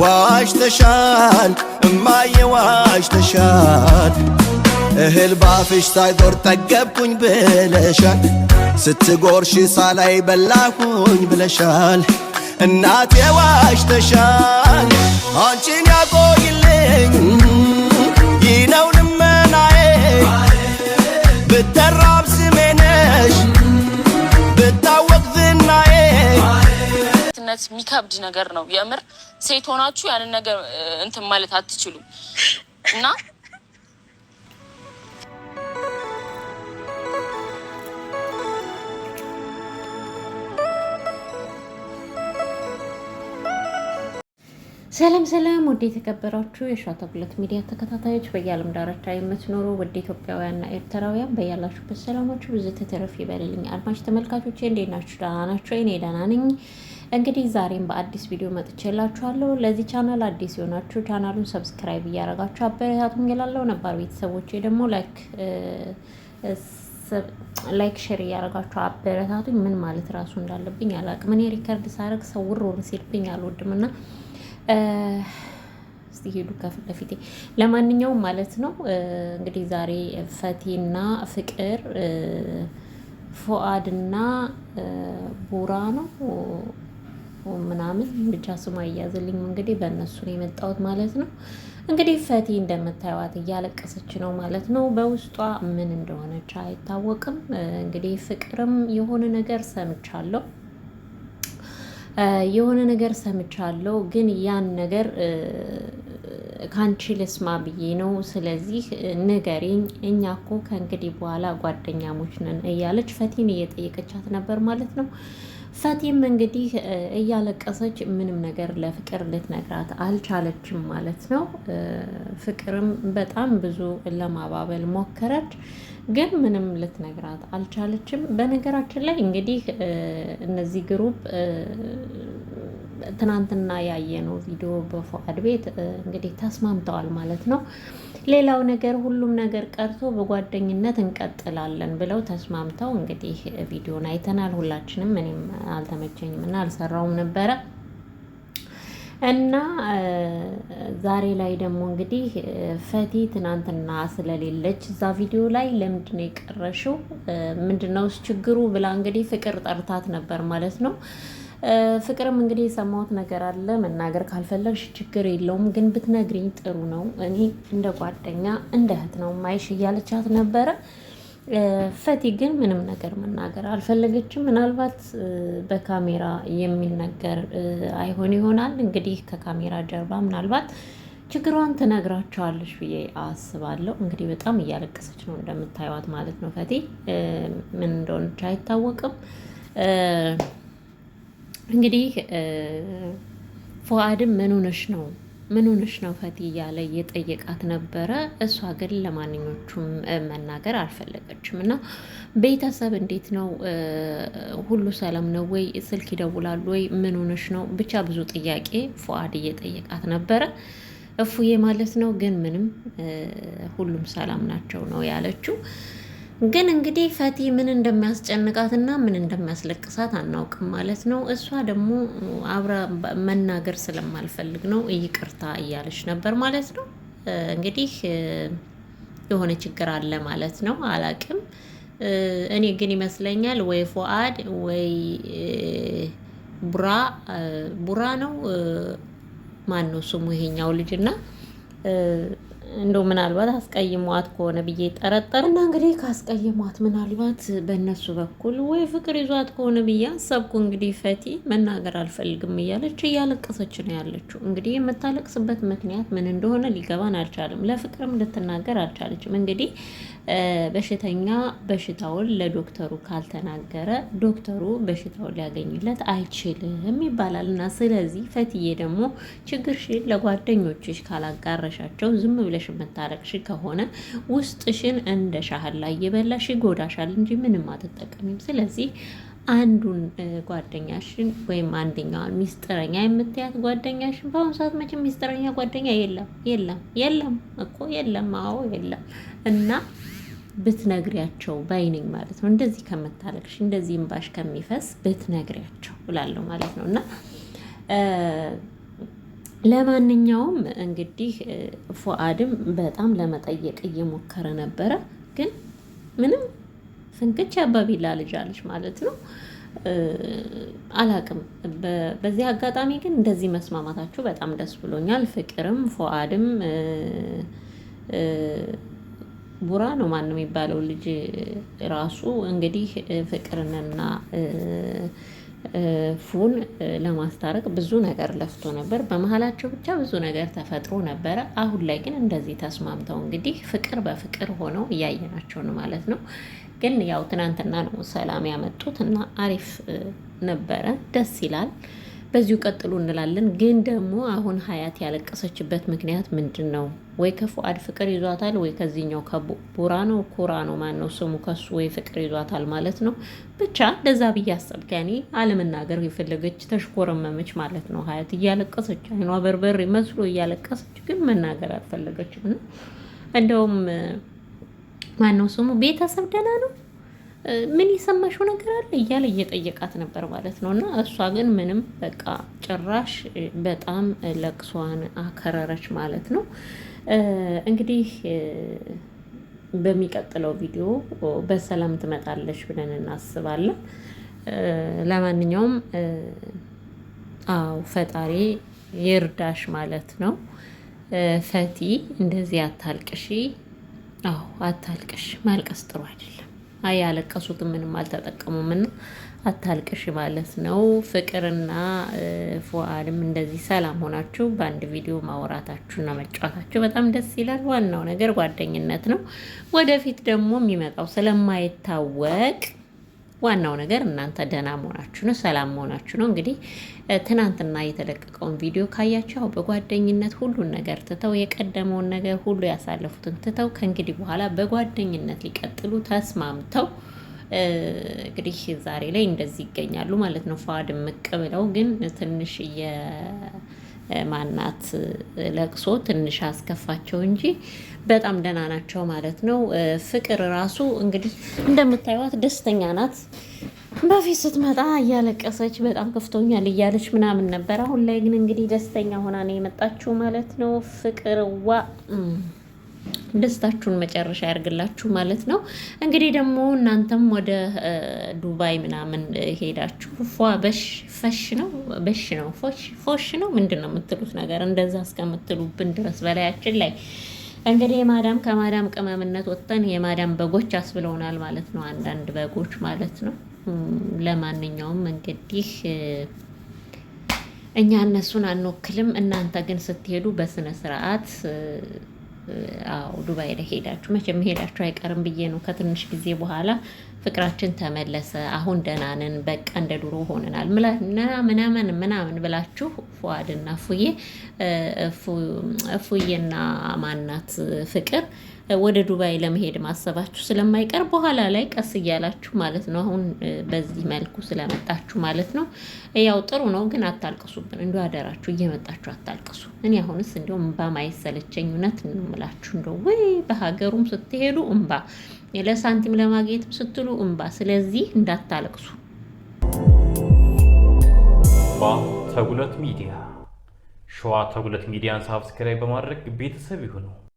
ዋሽተሻል እማዬ ዋሽተሻል እህል ባፍሽ ሳይዞር ጠገብኩኝ ብለሻል ስትጎርሽ ሳላይ በላኩኝ ብለሻል እናቴ ዋሽተሻል አንቺን ያቆይልኝ ይነው ልመናዬ ብተራብ ሴትነት የሚከብድ ነገር ነው። የምር ሴት ሆናችሁ ያንን ነገር እንትን ማለት አትችሉም እና ሰላም ሰላም ውድ የተከበራችሁ የሸዋታ ጉለት ሚዲያ ተከታታዮች በየዓለም ዳርቻ የምትኖሩ ውድ ኢትዮጵያውያንና ኤርትራውያን በያላችሁበት ሰላማችሁ ብዙ ተተረፍ ይበልልኝ። አድማጭ ተመልካቾች እንዴት ናችሁ? ደህና ናቸው። እኔ ደህና ነኝ። እንግዲህ ዛሬም በአዲስ ቪዲዮ መጥቼላችኋለሁ። ለዚህ ቻናል አዲስ የሆናችሁ ቻናሉን ሰብስክራይብ እያደረጋችሁ አበረታቱኝ ይላለው ነባር ቤተሰቦቼ ደግሞ ላይክ ሼር እያደረጋችሁ አበረታቱኝ። ምን ማለት ራሱ እንዳለብኝ አላውቅም። እኔ ሪከርድ ሳደርግ ሰው ውር ሲልብኝ አልወድም እና እስቲ ሄዱ ከፊት ለፊቴ። ለማንኛውም ማለት ነው እንግዲህ ዛሬ ፈቲና ፍቅር ፉአድና ቡራ ነው ምናምን ብቻ ስሟ እያዝልኝ እንግዲህ በእነሱ ነው የመጣሁት ማለት ነው። እንግዲህ ፈቲ እንደምታዩዋት እያለቀሰች ነው ማለት ነው። በውስጧ ምን እንደሆነች አይታወቅም። እንግዲህ ፍቅርም የሆነ ነገር ሰምቻለሁ የሆነ ነገር ሰምቻለሁ፣ ግን ያን ነገር ከአንቺ ልስማ ብዬ ነው። ስለዚህ ንገሪኝ፣ እኛ እኮ ከእንግዲህ በኋላ ጓደኛሞች ነን እያለች ፈቲን እየጠየቀቻት ነበር ማለት ነው። ፈቲም እንግዲህ እያለቀሰች ምንም ነገር ለፍቅር ልትነግራት አልቻለችም ማለት ነው። ፍቅርም በጣም ብዙ ለማባበል ሞከረች፣ ግን ምንም ልትነግራት አልቻለችም። በነገራችን ላይ እንግዲህ እነዚህ ግሩፕ ትናንትና ያየነው ቪዲዮ በፉአድ ቤት እንግዲህ ተስማምተዋል ማለት ነው። ሌላው ነገር ሁሉም ነገር ቀርቶ በጓደኝነት እንቀጥላለን ብለው ተስማምተው እንግዲህ ቪዲዮን አይተናል ሁላችንም። እኔም አልተመቸኝም እና አልሰራውም ነበረ እና ዛሬ ላይ ደግሞ እንግዲህ ፈቲ ትናንትና ስለሌለች እዛ ቪዲዮ ላይ ለምንድን ነው የቀረሽው? ምንድነውስ ችግሩ ብላ እንግዲህ ፍቅር ጠርታት ነበር ማለት ነው ፍቅርም እንግዲህ የሰማሁት ነገር አለ። መናገር ካልፈለግሽ ችግር የለውም ግን ብትነግሪኝ ጥሩ ነው። እኔ እንደ ጓደኛ እንደ እህት ነው ማይሽ እያለቻት ነበረ። ፈቲ ግን ምንም ነገር መናገር አልፈለገችም። ምናልባት በካሜራ የሚነገር አይሆን ይሆናል እንግዲህ ከካሜራ ጀርባ ምናልባት ችግሯን ትነግራቸዋለች ብዬ አስባለሁ። እንግዲህ በጣም እያለቀሰች ነው እንደምታዩት ማለት ነው። ፈቲ ምን እንደሆነች አይታወቅም። እንግዲህ ፎአድም ምን ሆነሽ ነው ምን ሆነሽ ነው ፈቲ እያለ እየጠየቃት ነበረ። እሷ ግን ለማንኞቹም መናገር አልፈለገችም። እና ቤተሰብ እንዴት ነው? ሁሉ ሰላም ነው ወይ? ስልክ ይደውላሉ ወይ? ምን ሆነሽ ነው? ብቻ ብዙ ጥያቄ ፎአድ እየጠየቃት ነበረ እፉዬ ማለት ነው። ግን ምንም ሁሉም ሰላም ናቸው ነው ያለችው። ግን እንግዲህ ፈቲ ምን እንደሚያስጨንቃትና ምን እንደሚያስለቅሳት አናውቅም ማለት ነው። እሷ ደግሞ አብራ መናገር ስለማልፈልግ ነው ይቅርታ እያለች ነበር ማለት ነው። እንግዲህ የሆነ ችግር አለ ማለት ነው። አላቅም። እኔ ግን ይመስለኛል ወይ ፎአድ ወይ ቡራ ቡራ ነው ማን ነው ስሙ ይሄኛው ልጅና እንደው ምናልባት አስቀይሟት ከሆነ ብዬ ጠረጠር እና እንግዲህ ካስቀይሟት ምናልባት በእነሱ በኩል ወይ ፍቅር ይዟት ከሆነ ብዬ አሰብኩ። እንግዲህ ፈቲ መናገር አልፈልግም እያለች እያለቀሰች ነው ያለችው። እንግዲህ የምታለቅስበት ምክንያት ምን እንደሆነ ሊገባን አልቻለም። ለፍቅርም ልትናገር አልቻለችም። እንግዲህ በሽተኛ በሽታውን ለዶክተሩ ካልተናገረ ዶክተሩ በሽታውን ሊያገኝለት አይችልም ይባላል እና ስለዚህ ፈትዬ ደግሞ ችግርሽን ለጓደኞችሽ ካላጋረሻቸው ዝም ብለ ብለሽ የምታረቅሽ ከሆነ ውስጥሽን እንደ ሻህላ እየበላሽ ይጎዳሻል እንጂ ምንም አትጠቀሚም። ስለዚህ አንዱን ጓደኛሽን ወይም አንደኛዋን ሚስጥረኛ የምትያት ጓደኛሽን በአሁኑ ሰዓት መቼም ሚስጥረኛ ጓደኛ የለም የለም የለም እኮ የለም፣ አዎ የለም። እና ብትነግሪያቸው ባይነኝ ማለት ነው። እንደዚህ ከምታለቅሽ እንደዚህ እምባሽ ከሚፈስ ብትነግሪያቸው እላለሁ ማለት ነው እና ለማንኛውም እንግዲህ ፉአድም በጣም ለመጠየቅ እየሞከረ ነበረ፣ ግን ምንም ፍንክች አባቢላ ልጅ አለች ማለት ነው። አላቅም። በዚህ አጋጣሚ ግን እንደዚህ መስማማታችሁ በጣም ደስ ብሎኛል። ፍቅርም ፉአድም ቡራ ነው ማን የሚባለው ልጅ ራሱ እንግዲህ ፍቅርንና ፉን ለማስታረቅ ብዙ ነገር ለፍቶ ነበር። በመሀላቸው ብቻ ብዙ ነገር ተፈጥሮ ነበረ። አሁን ላይ ግን እንደዚህ ተስማምተው እንግዲህ ፍቅር በፍቅር ሆነው እያየናቸው ነው ማለት ነው። ግን ያው ትናንትና ነው ሰላም ያመጡት እና አሪፍ ነበረ። ደስ ይላል። በዚሁ ቀጥሉ እንላለን። ግን ደግሞ አሁን ሀያት ያለቀሰችበት ምክንያት ምንድን ነው? ወይ ከፉአድ ፍቅር ይዟታል፣ ወይ ከዚህኛው ከቡራ ነው ኩራ ነው ማን ነው ስሙ ከሱ ወይ ፍቅር ይዟታል ማለት ነው። ብቻ ለዛ ብዬ አሰብክ። ያኔ አለመናገር የፈለገች ተሽኮረመመች ማለት ነው። ሀያት እያለቀሰች አይኗ በርበሬ መስሎ እያለቀሰች፣ ግን መናገር አልፈለገችም። እንደውም ማን ነው ስሙ ቤተሰብ ደህና ነው ምን የሰማሽው ነገር አለ እያለ እየጠየቃት ነበር ማለት ነው። እና እሷ ግን ምንም በቃ ጭራሽ በጣም ለቅሷን አከረረች ማለት ነው። እንግዲህ በሚቀጥለው ቪዲዮ በሰላም ትመጣለች ብለን እናስባለን። ለማንኛውም አዎ ፈጣሪ ይርዳሽ ማለት ነው። ፈቲ እንደዚህ አታልቅሺ። አዎ አታልቅሽ። ማልቀስ ጥሩ አይደለም። አይ ያለቀሱት ምንም አልተጠቀሙም። እና አታልቅሽ ማለት ነው። ፍቅርና ፉአድም እንደዚህ ሰላም ሆናችሁ በአንድ ቪዲዮ ማውራታችሁና መጫወታችሁ በጣም ደስ ይላል። ዋናው ነገር ጓደኝነት ነው። ወደፊት ደግሞ የሚመጣው ስለማይታወቅ ዋናው ነገር እናንተ ደህና መሆናችሁ ነው፣ ሰላም መሆናችሁ ነው። እንግዲህ ትናንትና የተለቀቀውን ቪዲዮ ካያችሁ በጓደኝነት ሁሉን ነገር ትተው የቀደመውን ነገር ሁሉ ያሳለፉትን ትተው ከእንግዲህ በኋላ በጓደኝነት ሊቀጥሉ ተስማምተው እንግዲህ ዛሬ ላይ እንደዚህ ይገኛሉ ማለት ነው። ፏ ድምቅ ብለው ግን ትንሽ ማናት ለቅሶ ትንሽ አስከፋቸው እንጂ በጣም ደህና ናቸው ማለት ነው። ፍቅር ራሱ እንግዲህ እንደምታዩት ደስተኛ ናት። በፊት ስትመጣ እያለቀሰች በጣም ከፍቶኛል እያለች ምናምን ነበር። አሁን ላይ ግን እንግዲህ ደስተኛ ሆና ነው የመጣችው ማለት ነው። ዋ ደስታችሁን መጨረሻ ያርግላችሁ ማለት ነው። እንግዲህ ደግሞ እናንተም ወደ ዱባይ ምናምን ሄዳችሁ ፏ በሽ ፈሽ ነው በሽ ነው ፎሽ ነው ምንድን ነው የምትሉት ነገር እንደዛ እስከምትሉብን ድረስ በላያችን ላይ እንግዲህ የማዳም ከማዳም ቅመምነት ወጥተን የማዳም በጎች አስብለውናል ማለት ነው። አንዳንድ በጎች ማለት ነው። ለማንኛውም እንግዲህ እኛ እነሱን አንወክልም። እናንተ ግን ስትሄዱ በስነ ስርዓት አዎ ዱባይ ላይ ሄዳችሁ መቼም ሄዳችሁ አይቀርም ብዬ ነው ከትንሽ ጊዜ በኋላ ፍቅራችን ተመለሰ፣ አሁን ደህና ነን፣ በቃ እንደ ድሮ ሆነናል ምናምን ምናምን ብላችሁ ፉአድና ፉዬ ፉዬና ማናት ፍቅር ወደ ዱባይ ለመሄድ ማሰባችሁ ስለማይቀር በኋላ ላይ ቀስ እያላችሁ ማለት ነው። አሁን በዚህ መልኩ ስለመጣችሁ ማለት ነው። ያው ጥሩ ነው፣ ግን አታልቅሱብን። እንዲ አደራችሁ እየመጣችሁ አታልቅሱ። እኔ አሁንስ እንዲሁም እምባ ማይሰለቸኝ እውነት እንምላችሁ እንደው ወይ በሀገሩም ስትሄዱ እምባ ለሳንቲም ለማግኘትም ስትሉ እንባ። ስለዚህ እንዳታለቅሱ። ተጉለት ሚዲያ ሸዋ ተጉለት ሚዲያን ሳብስክራይብ በማድረግ ቤተሰብ ይሁነው።